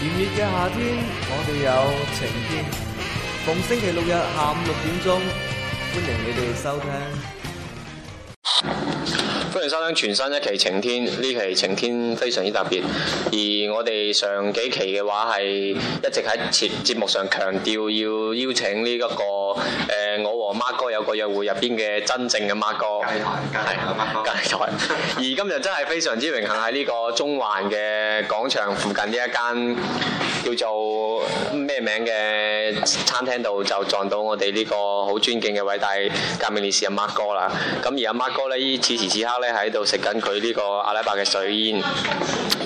炎熱嘅夏天，我哋有晴天。逢星期六日下午六點鐘，歡迎你哋收聽。 歡迎收聽全新一期晴天，呢期晴天非常之特別，而我哋上幾期嘅話係一直喺節目上強調要邀請呢、這、一個誒、呃、我和 Mark 哥有個約會入邊嘅真正嘅 Mark 哥。嘉義台，嘉義台，而今日真係非常之榮幸喺呢個中環嘅廣場附近呢一間叫做咩名嘅餐廳度就撞到我哋呢個好尊敬嘅偉大革命烈士阿 Mark 哥啦。咁 而阿 Mark 哥咧此時此刻，咧喺度食緊佢呢個阿拉伯嘅水煙，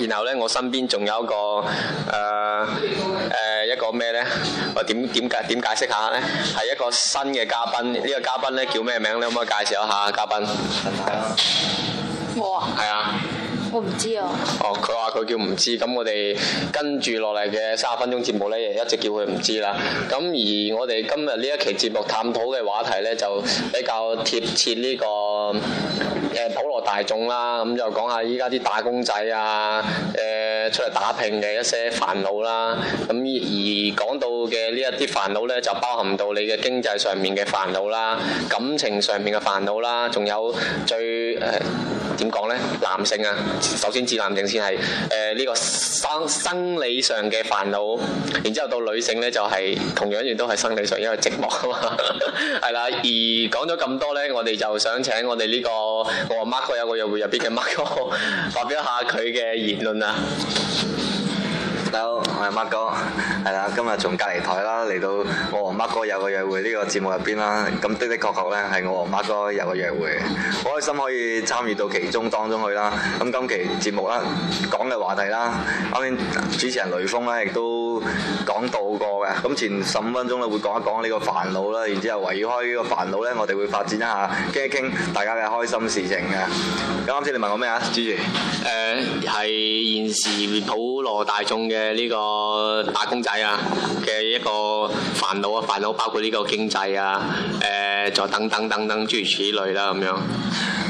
然後呢，我身邊仲有一個誒誒、呃呃、一個咩呢？我、呃、點點解點解釋下呢？係一個新嘅嘉賓，呢、呢個嘉賓呢，叫咩名呢？你可唔可以介紹一下嘉賓？陳大我啊。係啊。我唔知啊。哦，佢話佢叫唔知，咁我哋跟住落嚟嘅三十分鐘節目呢，就一直叫佢唔知啦。咁而我哋今日呢一期節目探討嘅話題呢，就比較貼切呢、呢個。誒普羅大眾啦，咁就講下依家啲打工仔啊，誒、呃、出嚟打拼嘅一些煩惱啦。咁而講到嘅呢一啲煩惱呢，就包含到你嘅經濟上面嘅煩惱啦，感情上面嘅煩惱啦，仲有最誒點講呢？男性啊，首先指男性先係誒呢個生生理上嘅煩惱，然之後到女性呢、就是，就係同樣亦都係生理上因為寂寞啊嘛，係 啦。而講咗咁多呢，我哋就想請我哋呢、呢個。我阿 Mark 哥有個用戶入邊嘅 Mark 哥發表一下佢嘅言論啊！大家 好，我係 Mark 哥。係啦，今日從隔離台啦嚟到《我和 Mark 哥有個約會》呢個節目入邊啦，咁的的確確咧係我和 Mark 哥有個約會，好開心可以參與到其中當中去啦。咁今期節目啦，講嘅話題啦，啱先主持人雷鋒咧亦都講到過嘅，咁前十五分鐘咧會講一講呢個煩惱啦，然之後圍繞開呢個煩惱咧，我哋會發展一下傾一傾大家嘅開心事情嘅。咁啱先你問我咩啊，主持？誒係、呃、現時普羅大眾嘅呢個打工仔。係啊嘅一個煩惱啊，煩惱包括呢個經濟啊，誒再等等等等諸如此類啦咁樣。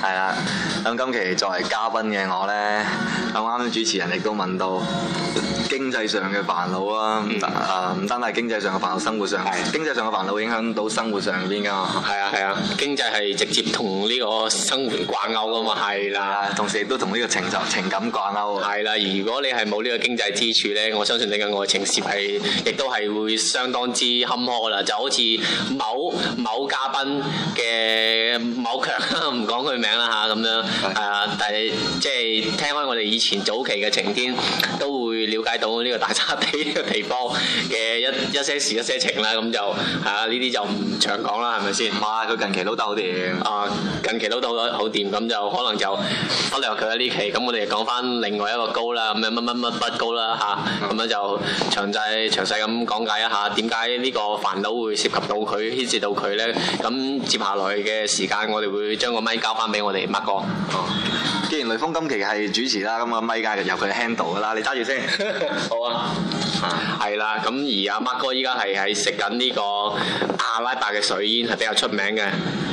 係啊，咁今期作為嘉賓嘅我咧，咁啱主持人亦都問到經濟上嘅煩惱啊，誒唔單單係經濟上嘅煩惱，生活上經濟上嘅煩惱影響到生活上邊噶嘛。係啊，係啊，經濟係直接同呢個生活掛鈎噶嘛。係啦，同時亦都同呢個情情感掛鈎。係啦，如果你係冇呢個經濟支柱咧，我相信你嘅愛情是係亦都係會相當之坎坷啦，就好似某某嘉賓嘅某強唔講佢名啦嚇咁樣，係是 啊，但係即係聽返我哋以前早期嘅晴天，都會了解到呢個大沙地呢個地方嘅一一些事一些情啦，咁就係啊呢啲就唔長講啦，係咪先？唔佢近期撈得好掂。啊，近期撈得好好掂，咁就可能就忽略佢喺呢期。咁我哋講翻另外一個高啦，咁樣乜乜乜不高啦嚇，咁樣就詳細。詳細咁講解一下，點解呢個煩惱會涉及到佢，牽涉到佢咧？咁接下來嘅時間，我哋會將個麥交翻俾我哋麥哥。嗯既然雷鋒今期係主持啦，咁個咪梗係由佢 handle 噶啦，你揸住先， 好啊，係啦，咁， 啊、而阿麥哥依家係喺食緊呢個阿拉伯嘅水煙，係比較出名嘅，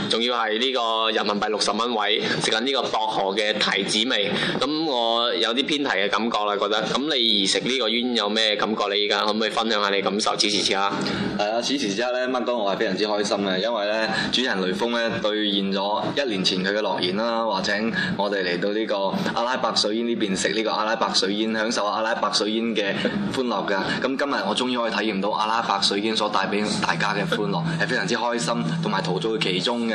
仲要係呢個人民幣六十蚊位食緊呢個薄荷嘅提子味，咁我有啲偏題嘅感覺啦，覺得，咁你而食呢個煙有咩感覺？你依家可唔可以分享下你感受？此時此刻，係啊，此時此刻咧，麥哥我係非常之開心嘅，因為咧主持人雷鋒咧兌現咗一年前佢嘅諾言啦，或者我哋嚟到。呢個阿拉伯水煙呢邊食呢個阿拉伯水煙，享受阿拉伯水煙嘅歡樂㗎。咁今日我終於可以體驗到阿拉伯水煙所帶俾大家嘅歡樂，係非常之開心，同埋陶醉其中嘅。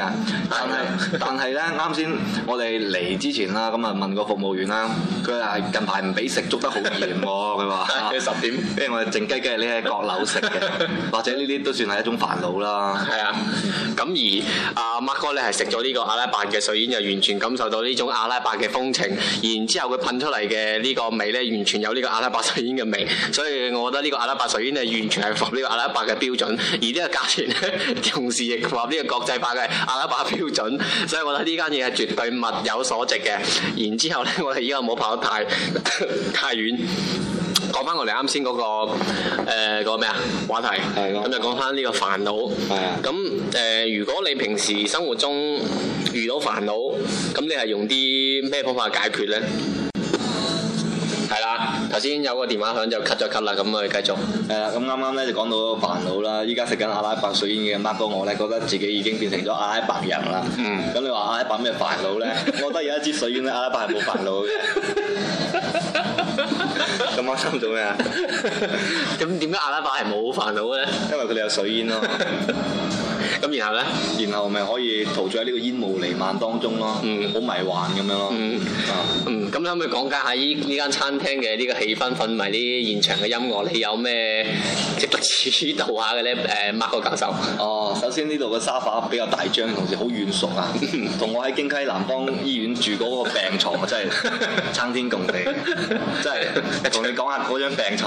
但係是 但係咧，啱先我哋嚟之前啦，咁啊問個服務員啦，佢話近排唔俾食，捉得好嚴喎。佢話，你 十點，即係我哋靜雞雞匿喺閣樓食嘅，或者呢啲都算係一種煩惱啦。係 啊，咁而阿 Mark 哥咧係食咗呢個阿拉伯嘅水煙，就完全感受到呢種阿拉伯。嘅風情，然之後佢噴出嚟嘅呢個味呢，完全有呢個阿拉伯水煙嘅味，所以我覺得呢個阿拉伯水煙呢，完全係符合呢個阿拉伯嘅標準，而呢個價錢呢，同時亦符合呢個國際化嘅阿拉伯標準，所以我覺得呢間嘢係絕對物有所值嘅。然之後呢，我哋依家冇跑得太 太遠。講翻我哋啱先嗰個誒個咩啊話題，咁就講翻呢個煩惱。咁誒，如果你平時生活中遇到煩惱，咁你係用啲咩方法解決咧？係啦，頭先有個電話響就 cut 咗 cut 啦，咁我哋繼續。係啦，咁啱啱咧就講到煩惱啦。依家食緊阿拉伯水煙嘅 Mark 哥我咧，覺得自己已經變成咗阿拉伯人啦。咁你話阿拉伯咩煩惱咧？我覺得有一支水煙嘅阿拉伯係冇煩惱嘅。咁我心做咩啊？咁點解阿拉伯係冇煩惱咧？ 因為佢哋有水煙咯、啊。 咁然後咧？然後咪可以陶醉喺呢個煙霧瀰漫當中咯，嗯，好迷幻咁樣咯嗯嗯，嗯，咁你可唔可以講解下呢依間餐廳嘅呢個氣氛氛埋啲現場嘅音樂？你有咩值得指導下嘅咧？誒、呃，mark 哥教授。哦，首先呢度嘅沙發比較大張，同時好軟熟啊， 同我喺京溪南方醫院住嗰個病床， 啊，真係爭天共地，真係同你講下嗰張病牀，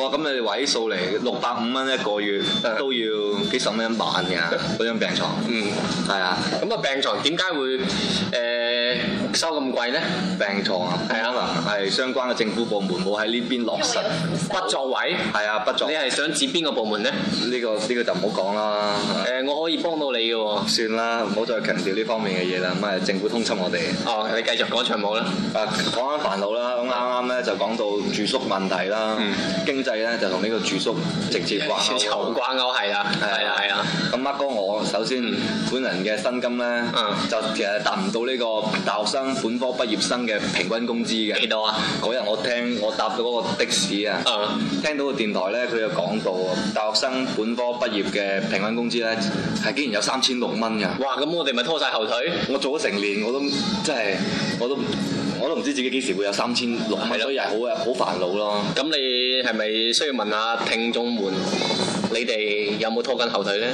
哇！咁你位數嚟六百五蚊一個月都要幾十蚊一晚㗎。嗰張病床，嗯，係啊，咁啊病床點解會誒收咁貴咧？病床啊，係啊，可能係相關嘅政府部門冇喺呢邊落實，不作為，係啊，不作。你係想指邊個部門咧？呢個呢個就唔好講啦。誒，我可以幫到你嘅喎。算啦，唔好再強調呢方面嘅嘢啦。咁啊，政府通緝我哋。哦，你繼續講長毛啦。誒，講翻煩惱啦。咁啱啱咧就講到住宿問題啦，經濟咧就同呢個住宿直接掛勾，掛勾係啦，係啊係啊。咁啊。哥，我首先、嗯、本人嘅薪金呢，嗯、就其實達唔到呢個大學生本科畢業生嘅平均工資嘅。幾多啊？嗰日我聽我搭到嗰個的士啊，嗯、聽到個電台呢，佢又講到，大學生本科畢業嘅平均工資呢，係竟然有三千六蚊㗎。哇！咁我哋咪拖晒後腿？我做咗成年，我都真係，我都我都唔知自己幾時會有三千六，的所以係好好煩惱咯。咁你係咪需要問下聽眾們？你哋有冇拖緊後腿呢？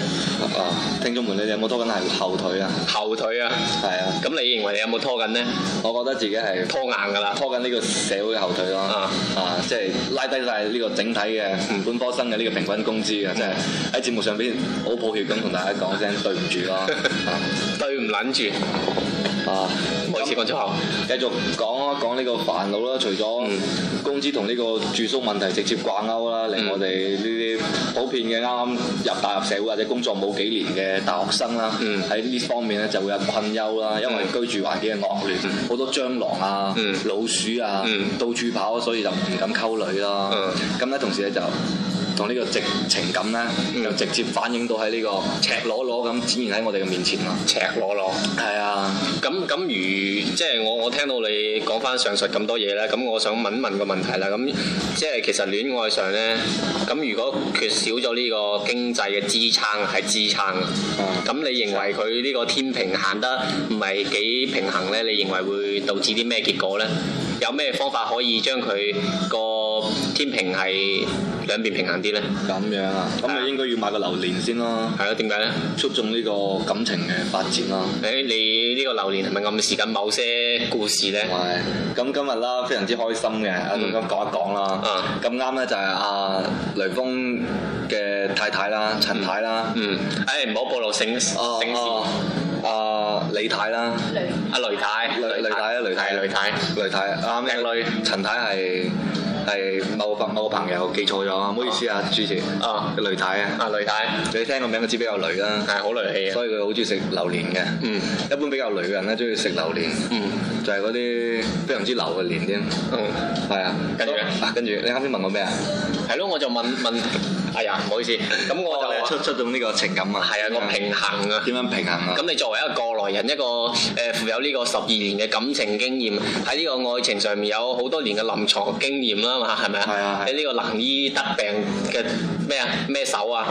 啊，聽眾們，你哋有冇拖緊後腿後腿啊？後腿啊！係啊！咁你認為你有冇拖緊呢？我覺得自己係拖硬㗎啦，拖緊呢個社會嘅後腿咯。啊啊！即係、啊啊就是、拉低晒呢個整體嘅本科生嘅呢個平均工資嘅、啊，即係喺節目上邊好抱歉咁同大家講聲對唔住咯， 啊、 對唔撚住。啊！唔好切咗張，嗯、後繼續講一講呢個煩惱啦。除咗工資同呢個住宿問題直接掛鈎啦，令我哋呢啲普遍嘅啱啱入大學社會或者工作冇幾年嘅大學生啦，喺呢、嗯、方面咧就會有困憂啦。因為居住環境嘅惡劣，好、嗯、多蟑螂啊、嗯、老鼠啊，嗯、到處跑，所以就唔敢溝女啦。咁咧、嗯，同時咧就。同呢個直情感咧，又直接反映到喺呢個赤裸裸咁展現喺我哋嘅面前咯。赤裸裸，係啊。咁咁如即係、就是、我我聽到你講返上述咁多嘢咧，咁我想問問個問題啦。咁即係其實戀愛上咧，咁如果缺少咗呢個經濟嘅支撐，係支撐啊。咁你認為佢呢個天平行得唔係幾平衡咧？你認為會導致啲咩結果咧？有咩方法可以將佢個？天平係兩邊平衡啲咧，咁樣啊，咁你應該要買個榴蓮先咯，係咯，點解咧？促進呢個感情嘅發展咯。誒，你呢個榴蓮係咪暗示緊某些故事咧？咁今日啦，非常之開心嘅，啊，咁講一講啦，咁啱咧就係阿雷鋒嘅太太啦，陳太啦，嗯，誒，唔好暴露性性事，啊，李太啦，阿雷太，雷太啊，雷太，雷太，啱靚女，陳太係。係某朋某個朋友記錯咗，唔好意思啊，主持啊，雷太啊，啊雷太，你聽個名我知比較雷啦，係好雷氣啊，所以佢好中意食榴蓮嘅，嗯，一般比較雷嘅人咧，中意食榴蓮嗯,就係啲非常之流嘅蓮添，嗯，係啊，跟住跟住你啱先問我咩啊？係咯，我就問問，係啊，唔好意思，咁我就我出出動呢個情感啊，係啊，個平衡啊，點樣平衡啊？咁你作為一個過來人，一個誒富有呢個十二年嘅感情經驗，喺呢個愛情上面有好多年嘅臨牀經驗啦。係咪啊？係啊，喺呢個能醫得病嘅咩啊咩手啊？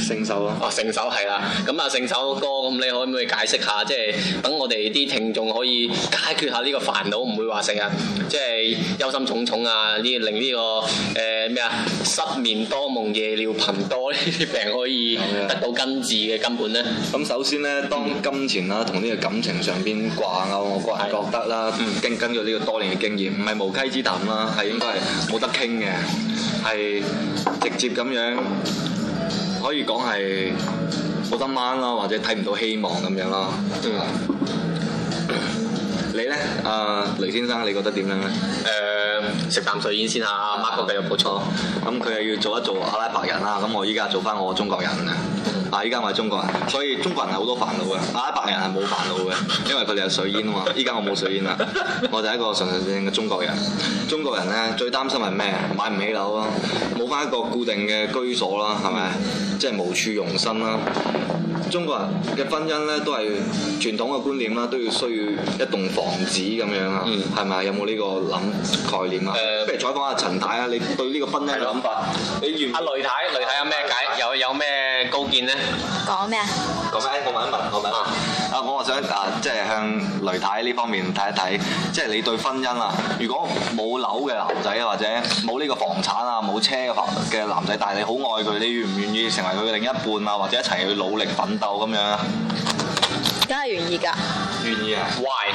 聖手，、啊啊、手，咯，啊聖手係啦，咁啊聖手哥，咁你可唔可以解釋下，即係等我哋啲聽眾可以解決下呢個煩惱，唔會話成日即係憂心忡忡啊，啲令呢、呢個誒咩啊失眠多夢夜多、夜尿頻多呢啲病可以得到根治嘅根本咧？咁、啊、首先咧，當金錢啦同呢個感情上邊掛鈎，我個人覺得啦，的跟根據呢個多年嘅經驗，唔係無稽之談啦，係應該係冇得傾嘅，係直接咁樣。可以講係冇得挽咯，或者睇唔到希望咁樣咯。嗯 你咧？誒、呃，黎先生，你覺得點樣咧？誒、呃，食啖水煙先嚇，Mark 嘅又冇錯。咁佢又要做一做阿拉伯人啦。咁我依家做返我中國人咧。嗯、啊，依家我係中國人，所以中國人係好多煩惱嘅。阿拉伯人係冇煩惱嘅，因為佢哋 有水煙啊嘛。依家我冇水煙啦，我就係一個純粹正嘅中國人。中國人咧最擔心係咩？買唔起樓咯，冇返一個固定嘅居所啦，係咪？即、就、係、是、無處容身啦。中國人嘅婚姻咧，都係傳統嘅觀念啦，都要需要一棟房子咁樣啊，係咪啊？有冇呢個諗概念啊？誒、呃，不如採訪下陳太啊，你對呢個婚姻嘅諗法，的你原阿雷、啊、太，雷太，太有咩解？太有有咩？高見咧，講咩啊？講咩？問問問問我問一問我問啊！啊，我話想啊，即係向雷太呢方面睇一睇，即係你對婚姻啊。如果冇樓嘅男仔，或者冇呢個房產啊，冇車嘅男嘅男仔，但係你好愛佢，你願唔願意成為佢嘅另一半啊？或者一齊去努力奮鬥咁樣？梗係願意㗎。願意啊？Why？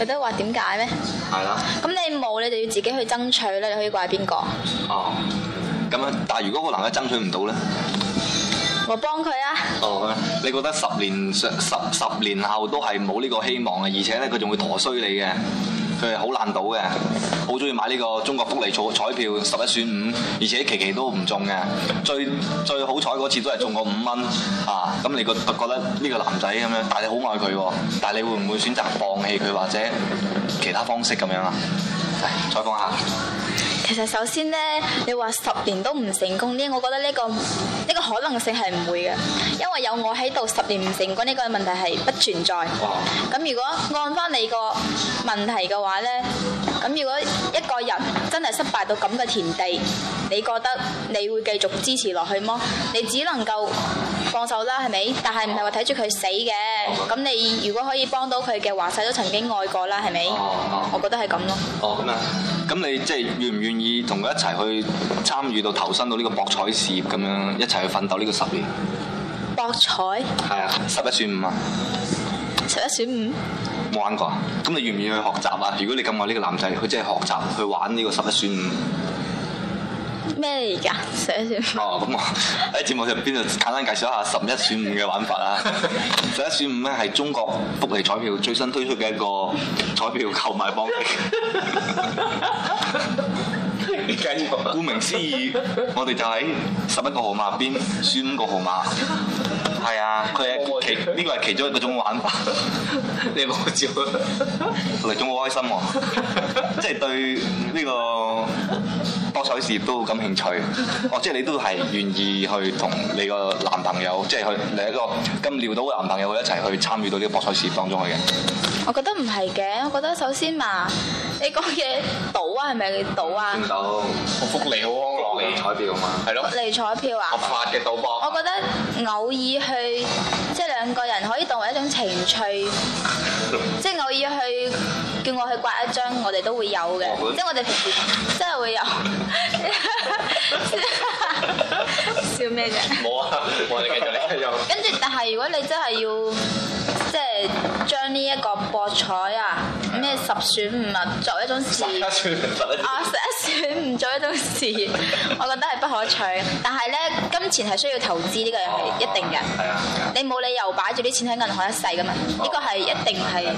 你都話點解咩？係啦。咁你冇，你就要自己去爭取咧。你可以怪邊個？哦，咁樣。但係如果個男仔爭取唔到咧？我幫佢啊！哦，oh, 你覺得十年十十年後都係冇呢個希望嘅，而且咧佢仲會陀衰你嘅，佢係好爛賭嘅，好中意買呢個中國福利彩彩票十一選五，而且期期都唔中嘅，最最好彩嗰次都係中個五蚊啊！咁你覺覺得呢個男仔咁樣，但係你好愛佢，但係你會唔會選擇放棄佢或者其他方式咁樣啊？採訪下。其實首先呢，你話十年都唔成功呢，我覺得呢、這個呢、這個可能性係唔會嘅，因為有我喺度，十年唔成功呢、這個問題係不存在。咁如果按翻你個問題嘅話呢，咁如果一個人真係失敗到咁嘅田地，你覺得你會繼續支持落去麼？你只能夠放手啦，係咪？但係唔係話睇住佢死嘅？咁你如果可以幫到佢嘅，話曬都曾經愛過啦，係咪？我覺得係咁咯。哦咁啊，咁你即係、就是、願唔願？願意同佢一齊去參與到投身到呢個博彩事業咁樣一齊去奮鬥呢個十年。博彩？係啊，十一選五啊。十一選五？冇玩過啊？咁你願唔願意去學習啊？如果你咁愛呢個男仔，佢真係學習去玩呢個十一選五。咩㗎？十一選五？哦、喔，咁啊！喺節目入邊度簡單介紹一下十一選五嘅玩法啊。 十一選五咧係中國福利彩票最新推出嘅一個彩票購買方式。 顧名思義，我哋就喺十一個號碼入邊選五個號碼，係啊，佢係其呢個係其中一個種玩法。你冇笑，我哋仲好開心喎、啊， 即係對呢個博彩事業都好感興趣。 哦，即係你都係願意去同你個男朋友，即、就、係、是、去嚟一個咁撩到嘅男朋友一齊去參與到呢個博彩事業當中去嘅我覺得唔係嘅，我覺得首先嘛、啊，你講嘢賭係咪你賭啊？唔、啊、我福利好安樂，福利彩票啊嘛。係咯。福利彩票啊？合法嘅的賭博。我覺得偶爾去，即係兩個人可以當為一種情趣， 即係偶爾去叫我去刮一張，我哋都會有嘅，本即係我哋平時即係會有。 叫咩啫？冇啊！我哋跟住，跟住，但係如果你真係要即係將呢一個博彩啊咩十選五啊作一種事，十選五，啊十一選五作一種事，我覺得係不可取。但係咧，金錢係需要投資呢個係一定嘅。係啊，你冇理由擺住啲錢喺銀行一世噶嘛？呢個係一定係。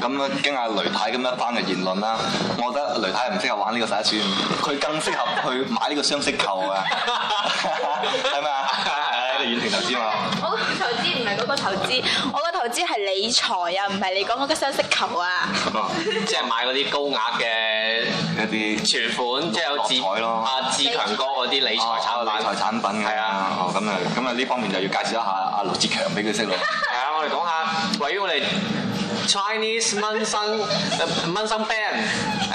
咁啊，經阿雷太咁一番嘅言論啦，我覺得雷太唔適合玩呢個十一選五，佢更適合去買呢個雙色球啊！係咪？喺度遠程投資嘛？我個投資唔係嗰個投資，我個投資係理財啊，唔係你講嗰個雙色球啊，即係買嗰啲高額嘅一啲存款，即係有志海咯，阿志強哥嗰啲理財產理財產品啊，哦，咁啊，咁啊，呢方面就要介紹一下阿盧志強俾佢識咯。係啊，我哋講下，位於我哋 Chinese 民生民生 Bank。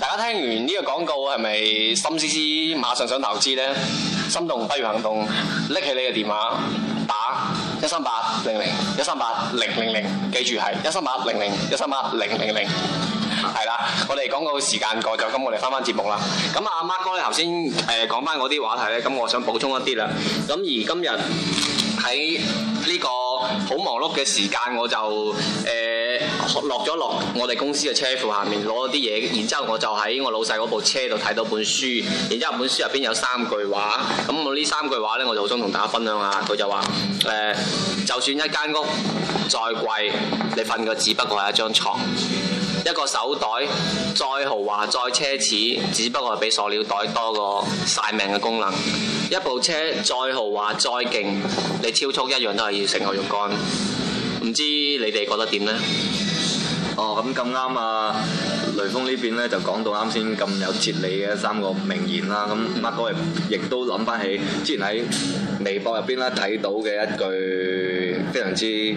大家聽完呢個廣告係咪心思思，馬上想投資咧？心動不如行動，拎起你嘅電話打一三八零零一三八零零零，記住係一三八零零一三八零零零。係啦， 我哋廣告時間過咗，咁我哋翻翻節目啦。咁阿 Mark 哥咧頭先誒講翻嗰啲話題咧，咁我想補充一啲啦。咁而今日喺呢個。好忙碌嘅時間，我就誒落咗落我哋公司嘅車庫下面攞咗啲嘢，然之後我就喺我老細嗰部車度睇到本書，然之後本書入邊有三句話，咁我呢三句話呢，我就好想同大家分享下，佢就話誒、呃，就算一間屋再貴，你瞓嘅只不過係一張床。一個手袋再豪華再奢侈，只不過係比塑料袋多個晒命嘅功能。一部車再豪華再勁，你超速一樣都係要食牛肉乾。唔知你哋覺得點呢？哦，咁咁啱啊！雷鋒呢邊呢，就講到啱先咁有哲理嘅三個名言啦。咁阿哥亦都諗翻起之前喺微博入邊咧睇到嘅一句非常之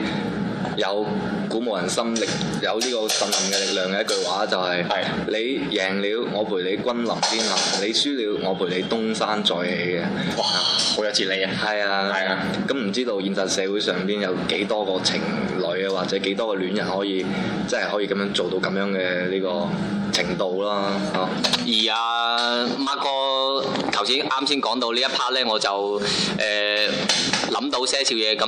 有鼓舞人心力有呢個信任嘅力量嘅一句話就係、是、係：的你贏了，我陪你君臨天下；你輸了，我陪你東山再起嘅。哇！好有哲理啊！係啊的，係啊的，咁唔、嗯、知道現實社會上邊有幾多個情侶啊，或者幾多個戀人可以即係、就是、可以咁樣做到咁樣嘅呢個程度啦？嗯、而啊！而阿 Mark 哥頭先啱先講到呢一 part 咧，我就誒諗，呃、到些少嘢，咁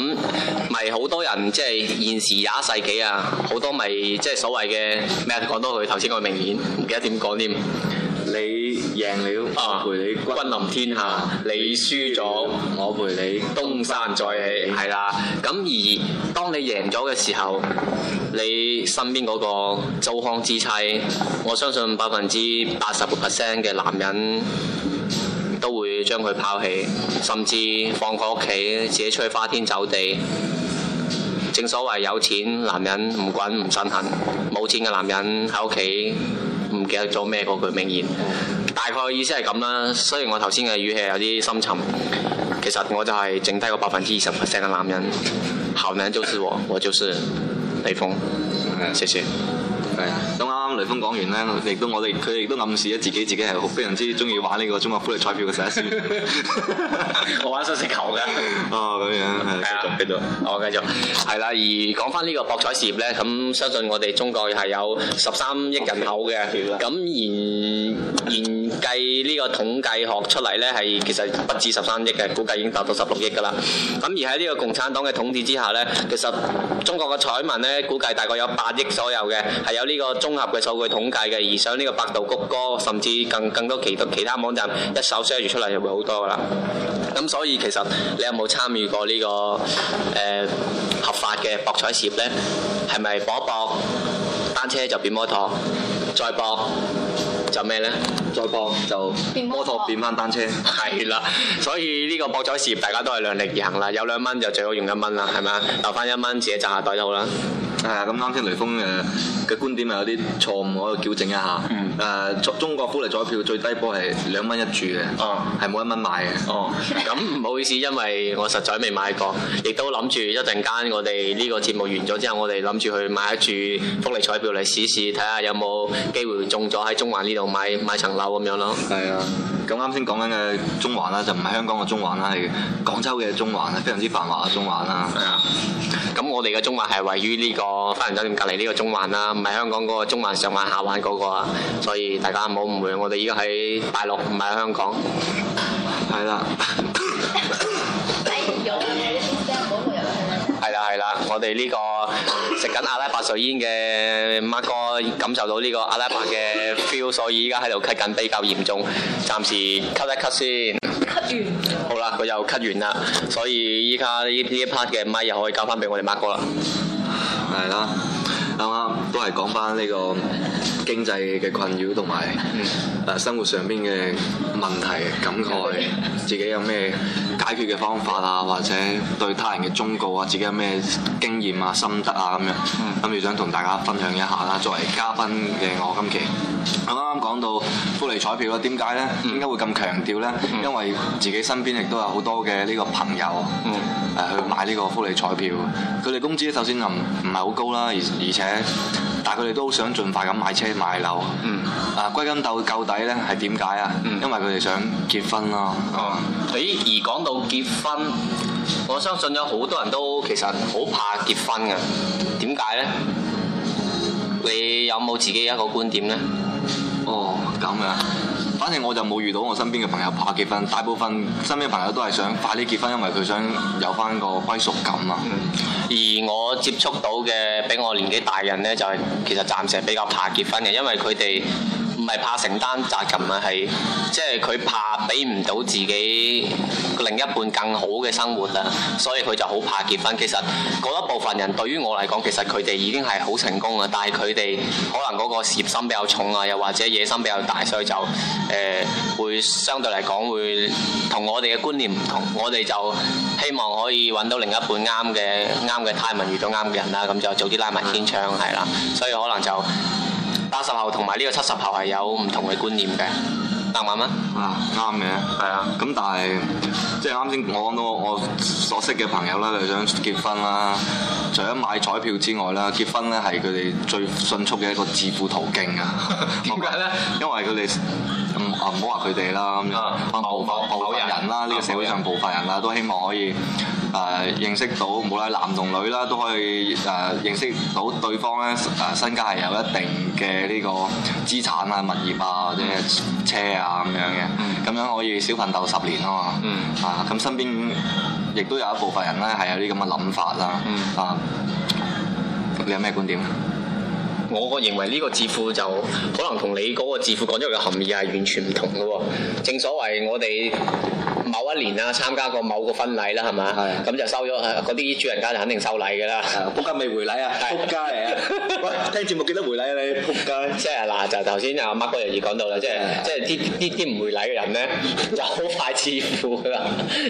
咪好多人即係、就是、現時廿一世紀。啊，好多咪即係所謂嘅咩？講多佢，頭先個名言，唔記得點講添。你贏了，我陪你君臨天下；你輸咗，我陪你東山再起。係啦，咁而當你贏咗嘅時候，你身邊嗰個糟糠之妻，我相信百分之八十 percent 嘅男人都會將佢拋棄，甚至放佢屋企，自己出去花天酒地。正所謂有錢男人唔滾唔身痕，冇錢嘅男人喺屋企唔記得咗咩嗰句名言，大概意思係咁啦。雖然我頭先嘅語氣有啲深沉，其實我就係剩低個百分之二十成嘅男人，後面就是我，我就是李峰，謝謝。係，咁啱雷鋒講完咧，亦都我哋佢亦都暗示咗自己自己係好非常之中意玩呢個中國福利彩票嘅、啊，成一輸，我玩雙色球嘅，哦，咁樣係啊，繼續，我繼續，係啦，而講翻呢個博彩事業咧，咁相信我哋中國係有十三億人口嘅，咁然 Okay. 然。然 計呢個統計學出嚟呢，係其實不止十三億嘅，估計已經達到十六億噶啦。咁而喺呢個共產黨嘅統治之下呢，其實中國嘅彩民呢，估計大概有八億左右嘅，係有呢個綜合嘅數據統計嘅，而上呢個百度、谷歌，甚至更更多其他其他網站一手 share 出嚟，就會好多噶啦。咁所以其實你有冇參與過呢、這個、呃、合法嘅博彩事業呢？係咪搏一搏單車就變摩托，再搏？就咩咧？再搏就摩托變翻單車。係啦，所以呢個博彩事業大家都係量力而行啦。有兩蚊就最好用一蚊啦，係咪啊？留翻一蚊自己賺下袋好啦。係啊，咁啱先雷鋒誒嘅觀點又有啲錯誤，我喺度矯正一下。嗯、啊。中國福利彩票最低波係兩蚊一注嘅、哦。哦。係冇一蚊買嘅。哦。咁唔好意思，因為我實在未買過，亦都諗住一陣間我哋呢個節目完咗之後，我哋諗住去買一注福利彩票嚟試試，睇下有冇機會中咗喺中環呢？又買買層樓咁樣咯，係啊！咁啱先講緊嘅中環啦，就唔係香港嘅中環啦，係廣州嘅中環啦，非常之繁華嘅中環啦。係啊！咁我哋嘅中環係位於呢個花園酒店隔離呢個中環啦，唔係香港嗰個中環上環下環嗰個啊。所以大家唔好誤會，我哋依家喺大陸，唔係香港。係啦。係啦係啦，我哋呢個。食緊阿拉伯水煙嘅 mark 哥感受到呢個阿拉伯嘅 feel，所以依家喺度咳緊比較嚴重，暫時咳一咳先。咳完。好啦，佢又咳完啦，所以依家呢呢一 part 嘅麥又可以交翻俾我哋 mark 哥啦。係啦。啱啱都係講翻呢個經濟嘅困擾同埋誒、生活上邊嘅問題，感慨自己有咩解決嘅方法啊，或者對他人嘅忠告啊，自己有咩經驗啊、心得啊咁樣，諗住、嗯、想同大家分享一下啦。作為嘉賓嘅我今期，啱啱講到福利彩票啊，點解咧？點解會咁強調咧？因為自己身邊亦都有好多嘅呢個朋友、誒、嗯、去買呢個福利彩票，佢哋工資咧首先就唔唔係好高啦，而而且。但佢哋都想盡快咁買車買樓。嗯、啊，歸根到究底咧，係點解啊？嗯、因為佢哋想結婚咯、啊。誒、嗯，而講到結婚，我相信有好多人都其實好怕結婚嘅。點解呢？你有冇自己一個觀點呢？哦，咁樣。反正我就冇遇到我身邊嘅朋友怕結婚，大部分身邊嘅朋友都係想快啲結婚，因為佢想有返個歸屬感啊、嗯。而我接觸到嘅，比我年紀大嘅人呢，就係、是、其實暫時係比較怕結婚嘅，因為佢哋。唔係怕承擔責任啊，係即係佢怕俾唔到自己另一半更好嘅生活啦，所以佢就好怕結婚。其實嗰一部分人對於我嚟講，其實佢哋已經係好成功啦，但係佢哋可能嗰個事業心比較重啊，又或者野心比較大，所以就誒、呃、會相對嚟講會同我哋嘅觀念唔同。我哋就希望可以揾到另一半啱嘅啱嘅 timing，遇到啱嘅人啦，咁就早啲拉埋天窗係啦，所以可能就。八十後，後同埋呢個七十後係有唔同嘅觀念嘅，百萬蚊，啊啱嘅，係啊，咁但係即係啱先，我講到我所識嘅朋友啦，你想結婚啦，除咗買彩票之外啦，結婚咧係佢哋最迅速嘅一個致富途徑啊，點解咧？ 因為佢哋。咁啊，唔好話佢哋啦，咁樣、嗯、部分人啦，呢個社會上部分人啦，都希望可以誒、uh，認識到，無論男同女啦，都可以誒、uh，認識到對方咧誒身家係有一定嘅呢個資產啊、物業啊、或者車啊咁、嗯、樣嘅，咁、嗯、樣可以少奮鬥十年啊嘛。嗯、啊，咁身邊亦都有一部分人咧係有啲咁嘅諗法啦。嗯、啊，你有咩觀點啊？我認為呢個致富就可能同你嗰個致富講咗嘅含義係完全唔同嘅喎。正所謂我哋某一年啊參加過某個婚禮啦，係咪？咁就收咗嗰啲主人家就肯定收禮㗎啦、啊。仆街未回禮啊？仆街嚟啊？喂，聽節目記得回禮啊你？仆街即係、啊、嗱就頭先阿 Mark 哥又講到啦，即係是、啊、即係啲啲啲唔回禮嘅人咧就好快致富㗎啦。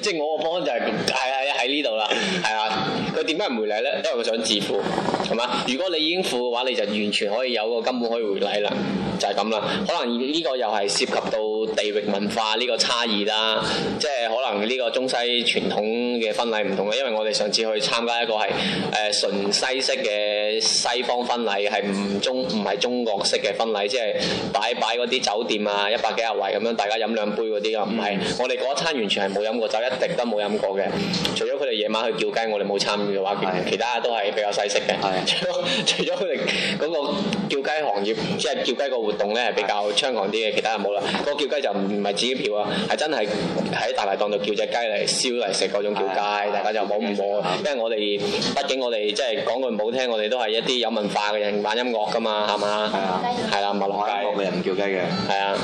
即係我嘅方就係喺喺喺呢度啦，係嘛、啊？佢點解唔回禮呢？因為佢想自付，係嘛？如果你已經付嘅話，你就完全可以有個根本可以回禮啦，就係咁啦。可能呢個又係涉及到地域文化呢個差異啦，即係可能呢個中西傳統嘅婚禮唔同啦。因為我哋上次去參加一個係誒、呃、純西式嘅西方婚禮，係唔中唔係中國式嘅婚禮，即係擺擺嗰啲酒店啊，一百幾廿位咁樣，大家飲兩杯嗰啲啊。唔係，我哋嗰餐完全係冇飲過酒，一滴都冇飲過嘅。除咗佢哋夜晚去叫雞，我哋冇參嘅話，其其他都係比較細食嘅是的。除咗除咗佢哋嗰個叫雞行業，即係叫雞個活動咧係比較猖狂啲嘅，其他就冇啦。個叫雞就唔唔係自己嫖啊，係真係喺大排檔度叫隻雞嚟燒嚟食嗰種叫雞，是的 大家就冇唔冇？因為我哋、嗯、畢竟我哋即係講句唔好聽，我哋都係一啲有文化嘅人，玩音樂噶嘛，係嘛？係啊的，係啦，唔係玩音樂嘅人唔叫雞嘅。係啊，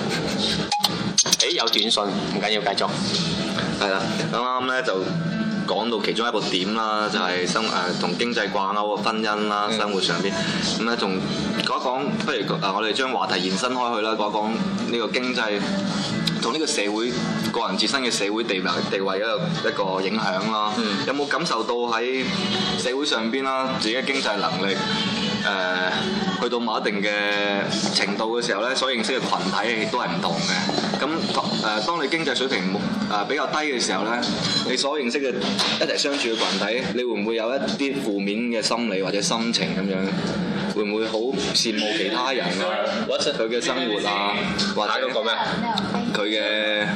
誒有短信，唔緊要，繼續。係 啦，咁啱咧就。講到其中一個點啦，就係、是、生誒同、呃、經濟掛鈎嘅婚姻啦，嗯、生活上邊咁咧，仲、嗯、講一講，不如誒我哋將話題延伸開去啦，講一講呢個經濟同呢個社會個人自身嘅社會地位地位一個，一個影響啦，嗯、有冇感受到喺社會上邊啦，自己嘅經濟能力誒？呃去到某一定嘅程度嘅時候咧，所認識嘅群體亦都係唔同嘅。咁誒，當你經濟水平誒比較低嘅時候咧，你所認識嘅一齊相處嘅群體，你會唔會有一啲負面嘅心理或者心情咁樣？會唔會好羨慕其他人佢嘅生活啊？或者嗰個咩？佢嘅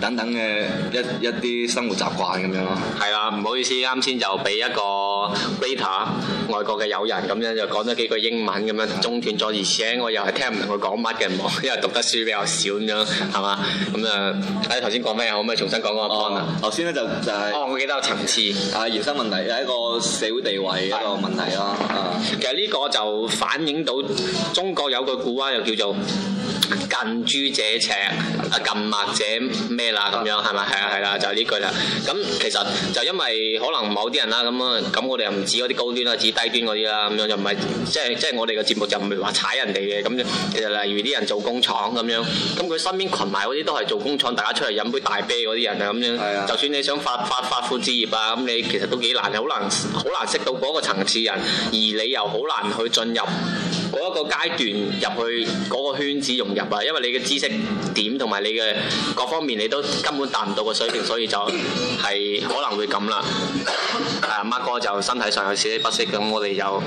等等嘅一一啲生活習慣咁樣咯。係啦，唔好意思，啱先就俾一個。Peter，外國嘅友人咁樣就講咗幾句英文咁樣中斷咗，而且我又係聽唔明佢講乜嘅，因為讀得書比較少咁樣，係嘛？咁啊，誒頭先講咩啊？可唔可以重新講講阿啊？頭先咧就就是、係哦，我記得個層次啊，原生問題有一個社會地位嘅是一個問題咯。其實呢個就反映到中國有句古話，又叫做近朱者赤啊，近墨者咩啦咁樣係咪？係啊係啦，的就係、是、呢句啦。咁其實就因為可能某啲人啦咁啊咁。我哋又唔止嗰啲高端啦，指低端嗰啲啦，咁樣又唔係，即係即係我哋嘅節目就唔係話踩人哋嘅咁樣，其實例如啲人做工廠咁樣，咁佢身邊群埋嗰啲都係做工廠大家出嚟飲杯大啤嗰啲人啊咁樣，的就算你想發發發富置業啊，咁你其實都幾難，好難好難，難識到嗰個層次人，而你又好難去進入。嗰一個階段入去嗰、那個圈子融入啊，因為你嘅知識點同埋你嘅各方面你都根本達唔到個水平，所以就係可能會咁啦。誒 Mark 哥就身體上有少少不適，咁我哋就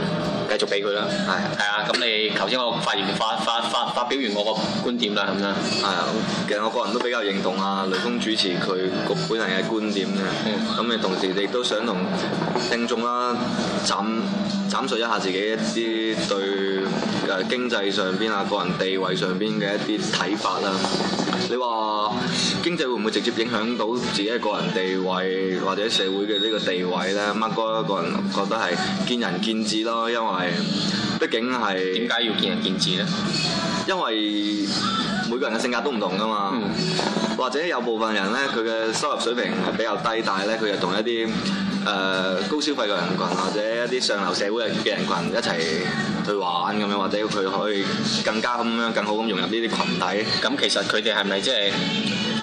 繼續俾佢啦。係係啊，咁你頭先我發言發發發發表完我個觀點啦，咁樣。係啊，其實我個人都比較認同啊雷峰主持佢個本人嘅觀點嘅。嗯。咁你同時你都想同聽眾啦、啊，斬斬述一下自己一啲對。誒經濟上邊啊，個人地位上邊嘅一啲睇法啦。你話經濟會唔會直接影響到自己個人地位或者社會嘅呢個地位呢？Mark 哥一個人覺得係見仁見智咯，因為畢竟係點解要見仁見智呢。因為每個人嘅性格都唔同噶嘛，嗯、或者有部分人呢，佢嘅收入水平係比較低，但係咧佢又同一啲。誒、呃、高消費嘅人群，或者一啲上流社會嘅人群一齊去玩咁樣，或者佢可以更加咁樣，更好咁融入呢啲群體。咁其實佢哋係咪即係？